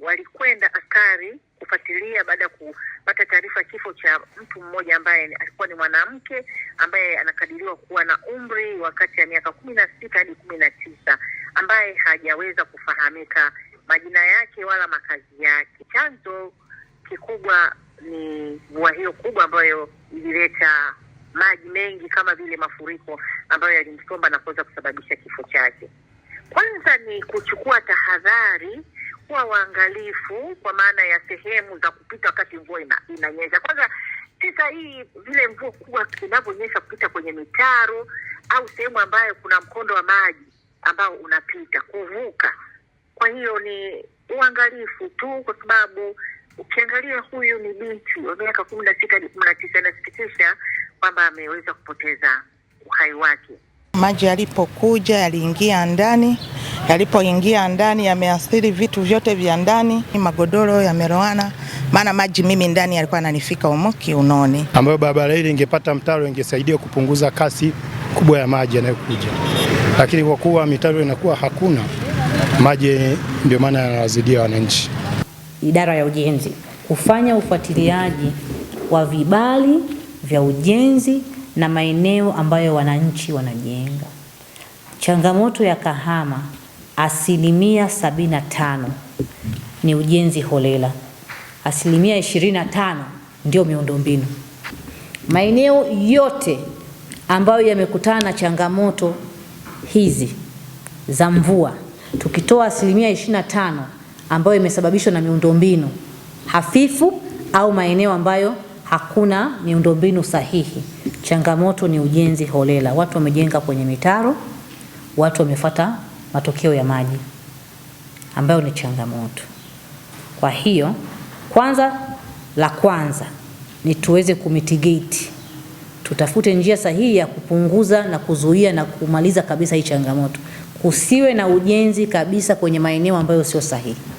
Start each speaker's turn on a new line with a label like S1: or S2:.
S1: walikwenda askari kufuatilia baada ya kupata taarifa kifo cha mtu mmoja ambaye alikuwa ni mwanamke ambaye anakadiriwa kuwa na umri wa kati ya miaka kumi na sita hadi kumi na tisa ambaye hajaweza kufahamika majina yake wala makazi yake. Chanzo kikubwa ni mvua hiyo kubwa ambayo ilileta maji mengi kama vile mafuriko ambayo yalimsomba na kuweza kusababisha kifo chake. Kwanza ni kuchukua tahadhari kuwa waangalifu kwa maana ya sehemu za kupita wakati mvua ina, inanyesha. Kwanza sasa hii vile mvua kubwa inavyonyesha kupita kwenye mitaro au sehemu ambayo kuna mkondo wa maji ambao unapita kuvuka. Kwa hiyo ni uangalifu tu, kwa sababu ukiangalia huyu ni binti wa miaka kumi na sita kumi na tisa. Inasikitisha kwamba ameweza kupoteza uhai wake.
S2: Maji yalipokuja yaliingia ndani yalipoingia ndani yameathiri vitu vyote vya ndani, magodoro yameroana, maana maji mimi ndani yalikuwa yananifika umoki unoni
S3: ambayo barabara hili ingepata mtaro ingesaidia kupunguza kasi kubwa ya maji yanayokuja, lakini kwa kuwa mitaro inakuwa hakuna maji, ndio maana yanawazidia wananchi.
S4: Idara ya Ujenzi kufanya ufuatiliaji wa vibali vya ujenzi na maeneo ambayo wananchi wanajenga. Changamoto ya Kahama asilimia 75 ni ujenzi holela, asilimia 25 ndio miundombinu. Maeneo yote ambayo yamekutana na changamoto hizi za mvua, tukitoa asilimia 25 ambayo imesababishwa na miundombinu hafifu au maeneo ambayo hakuna miundombinu sahihi, changamoto ni ujenzi holela. Watu wamejenga kwenye mitaro, watu wamefuata matokeo ya maji ambayo ni changamoto. Kwa hiyo kwanza, la kwanza ni tuweze kumitigate, tutafute njia sahihi ya kupunguza na kuzuia na kumaliza kabisa hii changamoto. Kusiwe na ujenzi kabisa kwenye maeneo ambayo sio sahihi.